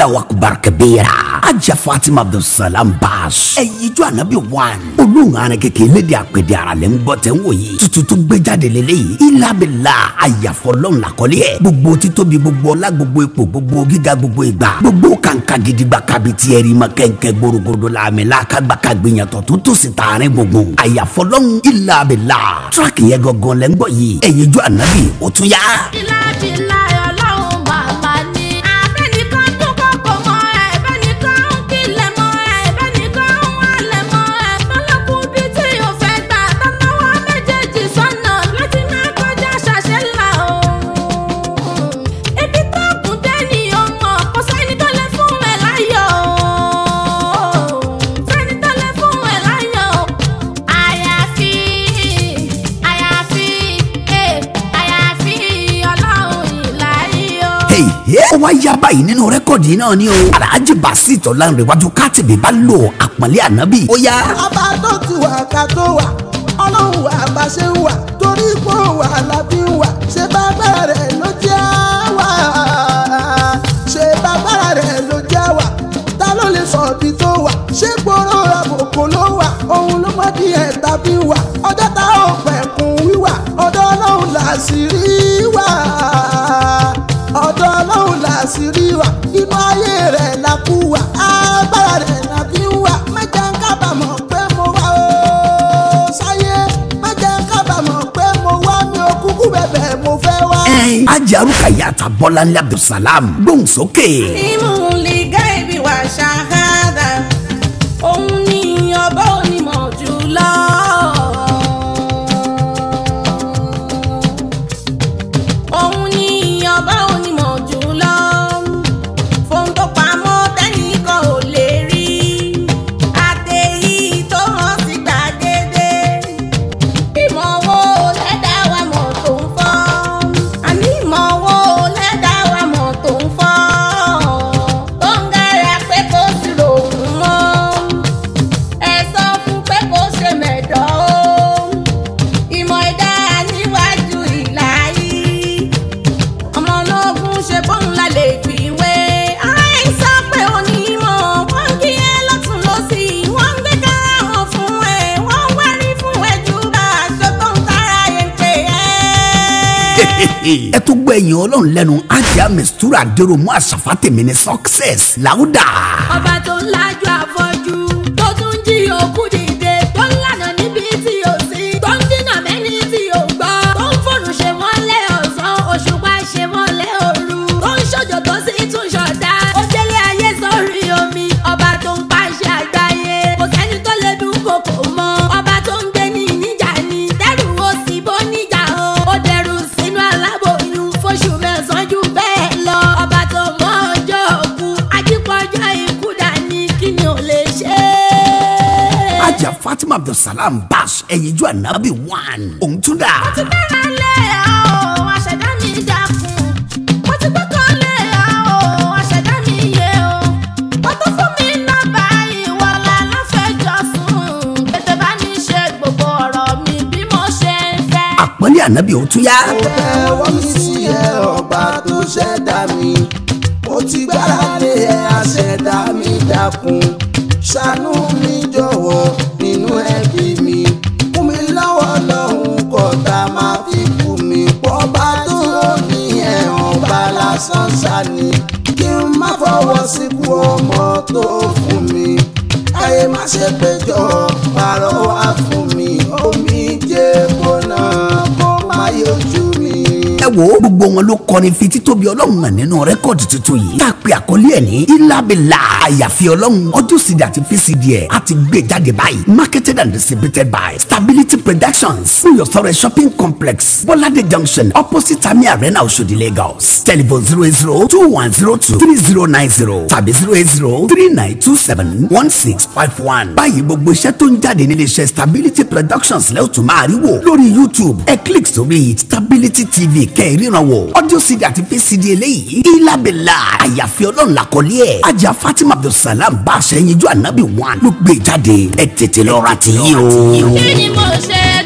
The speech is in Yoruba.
Allahu Akbar kabira ajá Fatima abdulsalam bash ẹ̀yin ijó anabi one olóhùn ara kékeré lédè àpèdè ara lẹ́ ń gbọ́ tẹ́ ń wò yìí tuntun tó gbé jáde lélẹ́yìí ìlàbìlà àyàfọ́ lọ́hùn làkọ́lé ẹ̀ gbogbo títóbi gbogbo ọlá gbogbo ipò gbogbo gíga gbogbo ìgbà gbogbo kàǹkà gidigba kabi tiẹ̀ rí ma kẹ̀kẹ́ gbòrògbòrò làmì làkàgbà kàgbìyàntọ̀ tó tó sì tààrin gbogbo àyàfọ́ lọ́hùn ìlàbìlà tíráàkì yẹn gangan lẹ́ ń gbọ́ yìí ẹ̀yin ijó ànábì ó tún yá. ìlàbìlà yìí ó wá yá báyìí nínú rẹ́kọ̀dì náà ni o alhaji basit ọ̀lànrẹ̀wájú kátìbí bá lò àpọ̀nlé ànábì ó yá. ọba tó ti wà ká tó wà ọlọ́run wà bá ṣe wà torí ipò wà lábí wà ṣe bá bẹ̀rẹ̀ ló jẹ́ wà ṣe bá bẹ̀rẹ̀ ló jẹ́ wà ta ló lè sọ ibi tó wà ṣé gbòòrò àbòkò ló wà òun ló mọ̀ bí ẹ̀ tàbí wà ọjọ́ tá ò pẹ̀kun wíwà ọ̀dọ̀ ọlọ́run là sí rí. alhaji aruka yata bọ́láńlé abdulsalam gbóhùn sókè. jáde. ẹ tó gbọ́ ẹ̀yìn ọlọ́run lẹ́nu ájá mistura dèrò mú àṣàfà tèmi ní success láwùdà. ọba tó ń la ìyá Fatima Abdulsalam Bash ẹ̀yinjú anabi one òun tún dà. wọ́n ti gbẹ́ra lé àwọn àṣẹ̀dá mi dákun wọ́n ti gbẹ́kọ̀ lé àwọn àṣẹ̀dá mi yé o wọ́n tó fún mi nọ́mbà ìwọ lànà sùn tètè bá mi ṣe gbogbo ọ̀rọ̀ mi bí mo ṣe ń fẹ́. àpọ́nlé ànábì ó tún yá. ẹ wọ́n mi sí ẹ ọba tó ṣẹ̀dá mi mo ti gbára lé àṣẹ̀dá mi dákun ṣàánú mi. lọ́wọ́ síkú ọmọ tó fún mi ayé má ṣe péjọ pàrọwà fún mi omi jẹ́ kó kó má yọjú ẹ wo gbogbo wọn ló kọrin fi títóbi ọlọ́run hàn nínú rẹ́kọ̀dì tuntun yìí tá a pe àkọlé ẹ̀ ní ìlàbìlà àyàfi ọlọ́run ọdún sídìí àti fíṣídìí ẹ̀ á gbé jáde báyìí marketed and distributed by stability productions Oyosore shopping complex Bolade junction opposite Ami arena Oṣodi Lagos telephone zero eight zero two one zero two three zero nine zero tàbí zero eight zero three nine two seven one six five one báyìí gbogbo iṣẹ́ tó ń jáde nílé iṣẹ́ stability productions lẹ́yìn tó máa rí wò lórí YouTube clicks click sórí stability TV kẹ́ ìríran wò audio àti vcd eléyìí ìlàbẹ̀là àyàfi ọlọ́run làkọ́lé ẹ̀ ajá fatima abdulsalam bá aṣẹ́yinjú anabi one ló gbé e jáde ẹ̀ tètè lọ́ra tìyí o. kí ni mo ṣe